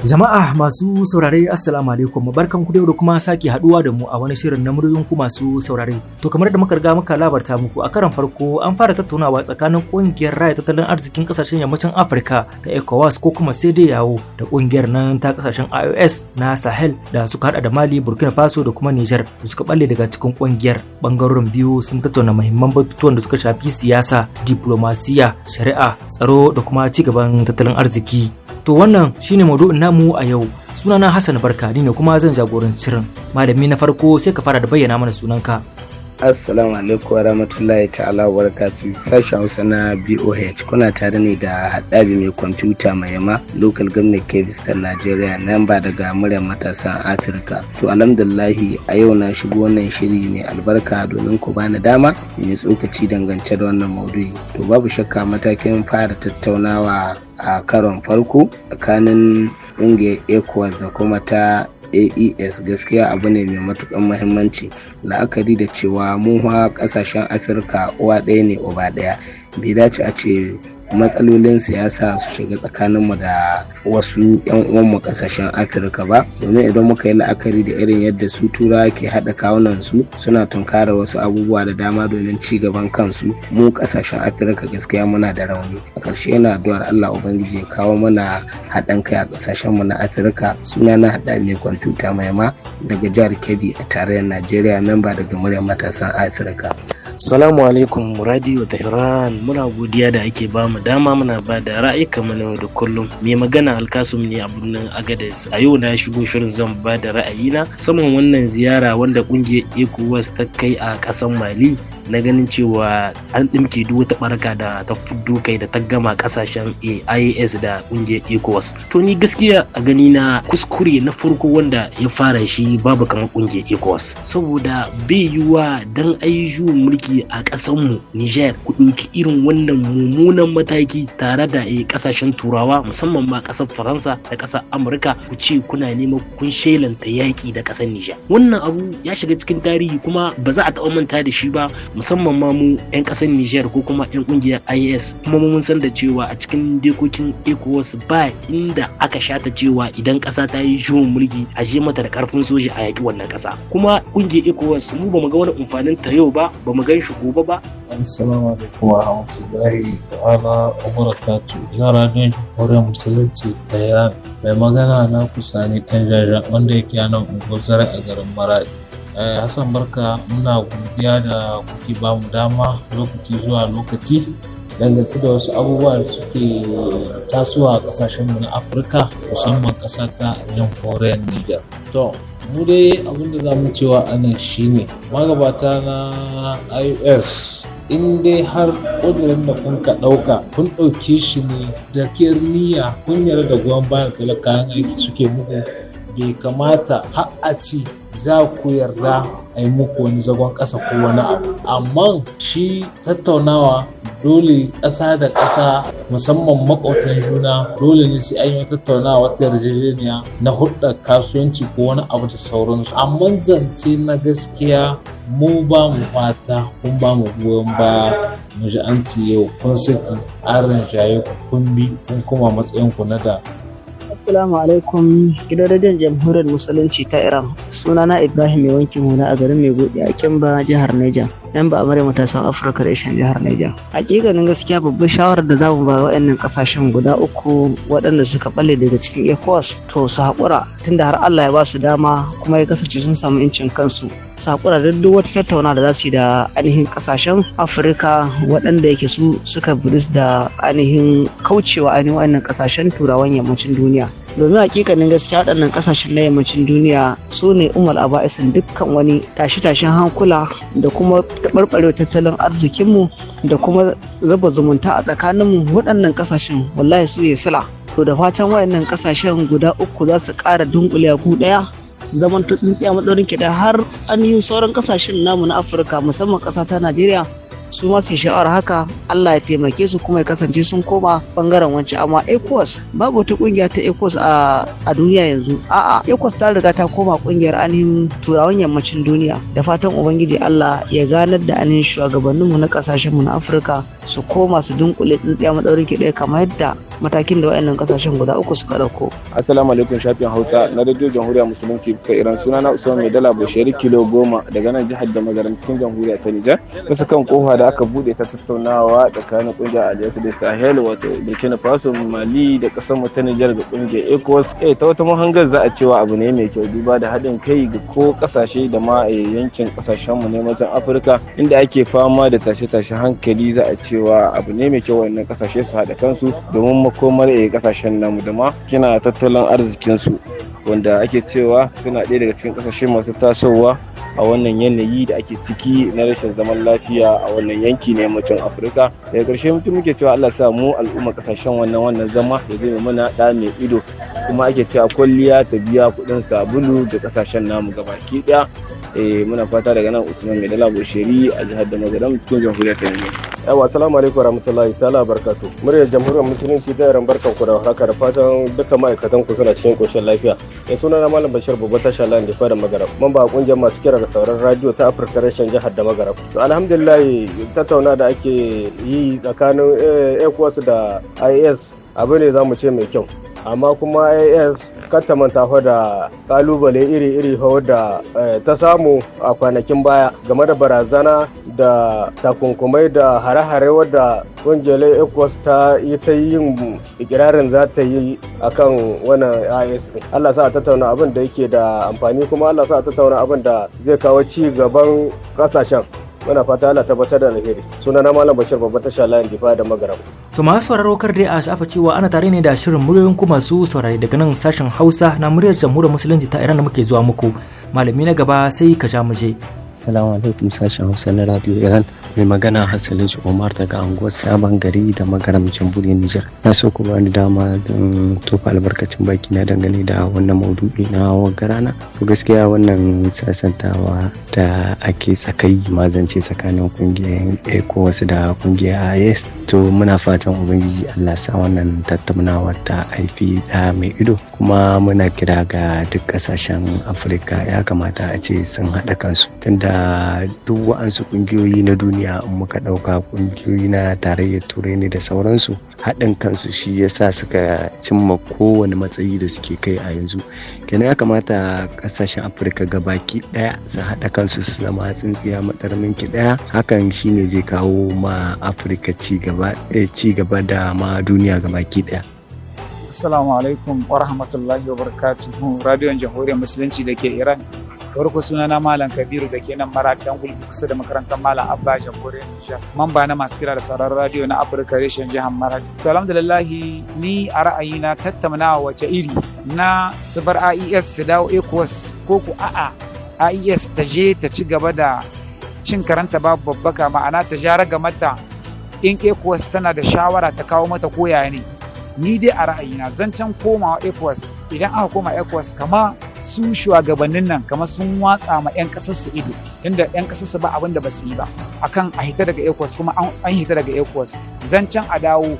Jama'a masu saurare Assalamu alaikum barkan ku da da kuma sake haduwa da mu a wani shirin na muryoyin ku masu saurare. To kamar da muka riga muka labarta muku a karan farko an fara tattaunawa tsakanin kungiyar raya tattalin arzikin kasashen yammacin Afirka ta ECOWAS ko kuma sai yawo da kungiyar nan ta kasashen IOS na Sahel da suka hada da Mali, Burkina Faso da kuma Niger da suka balle daga cikin kungiyar. Bangarorin biyu sun tattauna muhimman batutuwan da suka shafi siyasa, diplomasiya, shari'a, tsaro da kuma ci gaban tattalin arziki. To wannan shine maudu'in namu a yau. Sunana Hassan Barka ni ne kuma zan jagoranci shirin. Malami na farko sai ka fara da bayyana mana sunanka.
Assalamu alaikum wa rahmatullahi ta'ala wa barakatu sashen Hausa na BOH kuna tare ne da haɗabi mai kwamfuta mai yama local government ta Najeriya nan ba daga muryar matasan Afirka. To alhamdulillahi a yau na shigo wannan shiri mai albarka domin ku bani dama in yi tsokaci dangance da wannan maudu'i. To babu shakka matakin fara tattaunawa a karon farko tsakanin ƙungiyar ecowas da kuma ta aes gaskiya abu ne mai matukan mahimmanci la'akari da cewa mun hawa ƙasashen afirka uwa ɗaya ne uba ɗaya bai dace a ce matsalolin siyasa su shiga tsakaninmu da wasu 'yan uwanmu kasashen afirka ba domin idan muka yi la'akari da irin yadda su turawa ke haɗa kawunan su suna tunkara wasu abubuwa da dama domin ci gaban kansu mu kasashen afirka gaskiya muna da rauni a ƙarshe yana addu'ar allah ubangiji ya kawo mana haɗin kai a kasashen mu na afirka suna na haɗa mai kwamfuta mai ma daga jihar kebbi a tarayyar najeriya memba daga muryar matasan afirka
Salamu alaikum Radio Tehran muna godiya da ake ba mu dama muna ba da kamar mana da kullum. Mai magana Alkasum ne a birnin Agadez. A yau na shigo shirin zan ba da ra'ayina saman wannan ziyara wanda kungiyar ECOWAS ta kai a ƙasar Mali na ganin cewa an ɗimke duk wata barka da ta fudu kai da ta gama ƙasashen IAS da ƙungiyar ECOWAS. To ni gaskiya a gani na kuskure na farko wanda ya fara shi babu kamar ƙungiyar ECOWAS saboda bai yiwuwa dan ayyukan mulki a ƙasanmu Niger ku ɗauki irin wannan mummunan mataki tare da eh, ƙasashen turawa musamman ma ƙasar Faransa da ƙasar Amurka ku ce kuna nema kun shelanta yaƙi da ƙasar Niger. Wannan abu ya shiga cikin tarihi kuma ba za a taɓa manta da shi ba musamman ma mu 'yan kasar Nijar ko kuma 'yan ƙungiyar is kuma mun san da cewa a cikin dekokin ECOWAS ba inda aka shata cewa idan ƙasa ta yi juhun mulki a je mata da karfin soja a yaƙi wannan ƙasa kuma ƙungiyar ECOWAS mu ba mu ga wani amfanin ta yau ba ba mu gan shi gobe ba.
Assalamu alaikum wa rahmatullahi ta'ala wa barakatu. Ina radiyon jamhuriyar musulunci ta Iran mai magana na kusa ne ɗan jaja wanda yake nan unguwar a garin Maradi. Eh, Hassan Barka muna godiya da kuke ba mu dama lokaci zuwa lokaci dangance da wasu abubuwa da suke tasowa a kasashenmu na Afirka musamman ƙasa ta foreign Niger. To, mu dai abinda za mu cewa anan shine magabata na IOS in dai har ƙudurin da kun ka ɗauka kun ɗauke shi ne da niyya kun yarda da goyon bayan talakawan aiki suke muku bai kamata har a ci za ku yarda a yi muku wani zagon ƙasa ko wani abu amma shi tattaunawa dole ƙasa da ƙasa musamman makwautan juna dole ne sai an yi tattaunawa da yarjejeniya na hudar kasuwanci ko wani abu da sauransu amma zance na gaskiya mu ba mu fata kun ba mu goyon ba, mu ji an yau kun saki an rinjaye kun bi kun kuma matsayin ku na da
Assalamu alaikum gidan radiyon jamhuriyar musulunci ta Iran sunana Ibrahim Yawanki Muna a garin Maigode a Kimba jihar Niger. yan ba amare matasan afirka ishan jihar naija hakikanin gaskiya babban shawarar da zamu ba wa'annan kasashen guda uku waɗanda suka balle daga cikin ecowas to su haƙura tunda har allah ya ba su dama kuma ya kasance sun samu incin kansu su haƙura da duk wata tattauna da za su yi da ainihin kasashen afirka waɗanda yake su suka biris da ainihin kaucewa ainihin wa'annan kasashen turawan yammacin duniya domin hakikanin gaskiya waɗannan ƙasashen na yammacin duniya su ne umar aba'isin dukkan wani tashe-tashen hankula da kuma taɓarɓarewa tattalin arzikinmu da kuma raba zumunta a tsakaninmu waɗannan ƙasashen wallahi su ne sila to da fatan wayannan ƙasashen guda uku za su ƙara a ku ɗaya su zaman tsaye maɗaurin kiɗa har an yi sauran ƙasashen namu na afirka musamman ƙasa ta najeriya su ma su sha'awar haka Allah ya taimake su kuma ya kasance sun koma bangaren wancan amma Ecos! babu wata kungiya ta Ecos a duniya yanzu a'a Ecos ta riga ta koma kungiyar ainihin turawan yammacin duniya da fatan ubangiji Allah ya ganar da ainihin shugabanninmu na kasashenmu na Afirka su koma su dunkule tsintsiya madaurin ki ɗaya kamar yadda matakin da wayannan kasashen guda uku suka ɗauko.
assalamu alaikum shafin hausa na radio jamhuriyar musulunci kai iran suna na usman mai dala bashari kilo goma daga nan jihar da magaran cikin ta nijar kusa kan kofa da aka buɗe ta tattaunawa tsakanin kungiyar Aliyu da sahel wato burkina faso mali da kasar mu ta nijar da kungiyar ecowas eh ta wata mahangar za a cewa abu ne mai kyau duba da haɗin kai ga ko kasashe da ma eh, yankin kasashen mu ne wajen afirka inda ake fama da tashe-tashe hankali za a cewa cewa abu ne mai kyau wannan kasashe su haɗa kansu domin makomar kasashen eh, namu da ma kina tattalin arzikinsu wanda ake cewa suna ɗaya daga cikin kasashe masu tasowa a wannan yanayi da ake ciki na rashin zaman lafiya a wannan yanki na yammacin afirka daga ƙarshe mutum muke cewa allah sa mu al'umma kasashen wannan wannan zama da zai mana ɗa mai ido kuma ake cewa kwalliya ta biya kuɗin sabulu da kasashen namu gabaki ɗaya Eh, muna fata daga nan usman mai dala gosheri a jihar da magaram cikin jamhuriyar ta yanzu yawa assalamu alaikum warahmatullahi ta'ala barkatu muryar jamhuriyar musulunci ta yaran barkan ku da haka da fatan duka ma'aikatan ku suna cikin koshin lafiya ya eh, suna na malam bashir babba tasha lan da fara magarab mamba kungiyar masu kira da sauran radio ta afirka rashin jihar da magara to alhamdulillah tattauna da ake yi tsakanin eh, ecowas da is abu ne za mu ce mai kyau amma kuma as ta manta da kalubale iri-iri da eh, ta samu a kwanakin baya game da barazana da takunkumai da hare-hare wadda kungiyar ecos ta yi ta yin ikirarin za ta yi a kan wannan is allah sa a tattauna abin da yake da amfani kuma allah sa a tattauna abin da zai kawo ci gaban kasashen muna fata Allah tabbatar da alheri suna na malam bashir babban tasha layin difa da magaram
to masu sauraro kar dai a shafa cewa ana tare ne da shirin muryoyin ku masu saurari daga nan sashen hausa na muryar jamhuriyar musulunci ta iran da muke zuwa muku malami na gaba sai ka ja mu je
Assalamu alaikum sashen Hausa na Radio Iran mai magana Hassalin Umar daga anguwar Sabon Gari da magaramcin burin Nijar. Na so ku bani dama don tofa albarkacin baki na dangane da wannan maudu'i na rana To gaskiya wannan sasantawa da ake tsakai mazance tsakanin kungiyar wasu da kungiyar IS. To muna fatan Ubangiji Allah sa wannan tattaunawar ta haifi da mai ido. kuma muna kira ga duk kasashen afirka ya kamata a ce sun haɗa kansu tunda duk wa'ansu ƙungiyoyi na duniya in muka ɗauka ƙungiyoyi na tarayyar turai ne da sauransu haɗin kansu shi ya sa suka cimma kowane matsayi da suke kai a yanzu kenan ya kamata kasashen afirka gabaki ɗaya su haɗa kansu su zama tsintsiya madarmin ki ɗaya hakan shine zai kawo ma afirka eh, ci gaba da ma duniya gabaki ɗaya
Assalamu alaikum wa rahmatullahi wa barakatuhu radiyon jamhuriyar musulunci da ke Iran. Farko na Malam Kabiru da ke nan mara dan gulbi kusa da makarantar Malam Abba jamhuriyar Nijar. Mamba na masu kira da sauran radiyo na Afirka reshen jihar Maradi. To alhamdulillahi ni a ra'ayi na tattaunawa wace iri na su bar AES su dawo ECOWAS ko ku a'a AES ta je ta ci gaba da cin karanta babu babbaka ma'ana ta ja raga mata in ECOWAS tana da shawara ta kawo mata koya ne. ni dai a ra'ayina zancen komawa ecowas idan aka koma ecowas kama su shugabannin nan kama sun watsa ma 'yan su ido tunda 'yan su ba abin da ba su yi ba akan a hita daga ecowas kuma an hita daga ecowas zancen a dawo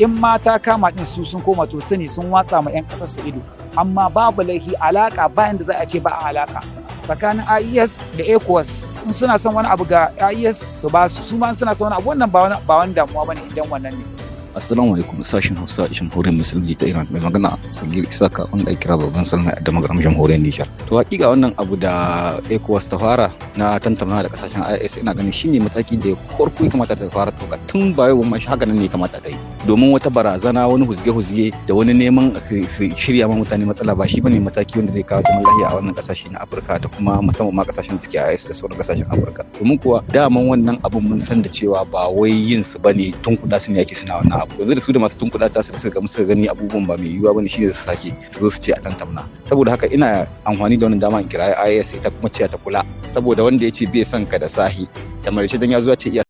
in mata kama din su sun koma to sani sun watsa ma 'yan su ido amma babu laifi alaka bayan da za a ce ba a alaka tsakanin IES da ECOWAS in suna son wani abu ga IES su ba su su ma suna son wani abu wannan ba wani damuwa ba ne idan wannan ne Assalamu alaikum sashen Hausa jamhuriyar musulmi ta Iran mai magana Sagir Isaka wanda ake kira babban sallah da magaram jamhuriyar Nijar. To hakika wannan abu da ECOWAS ta fara na tantamana da kasashen IS ina ganin shine mataki da farko ya kamata ta fara toka tun bayo yau shi haka nan ne kamata ta yi. Domin wata barazana wani huzge-huzge da wani neman shirya ma mutane matsala ba shi bane mataki wanda zai kawo zaman lafiya a wannan kasashe na Afirka da kuma musamman ma kasashen da suke IS da sauran kasashen Afirka. Domin kuwa daman wannan abun mun san da cewa ba wai yin su bane tun kuda su ne ake suna wannan yanzu da su da masu tunkuɗa ta su suka suka gani abubuwan ba mai yiwuwa bane shine su sake su zo su ce a tantamna saboda haka ina amfani da wannan dama in kira IAS ita kuma ce ta kula saboda wanda ya ce bai son ka da sahi da marice dan ya zo ya ce iya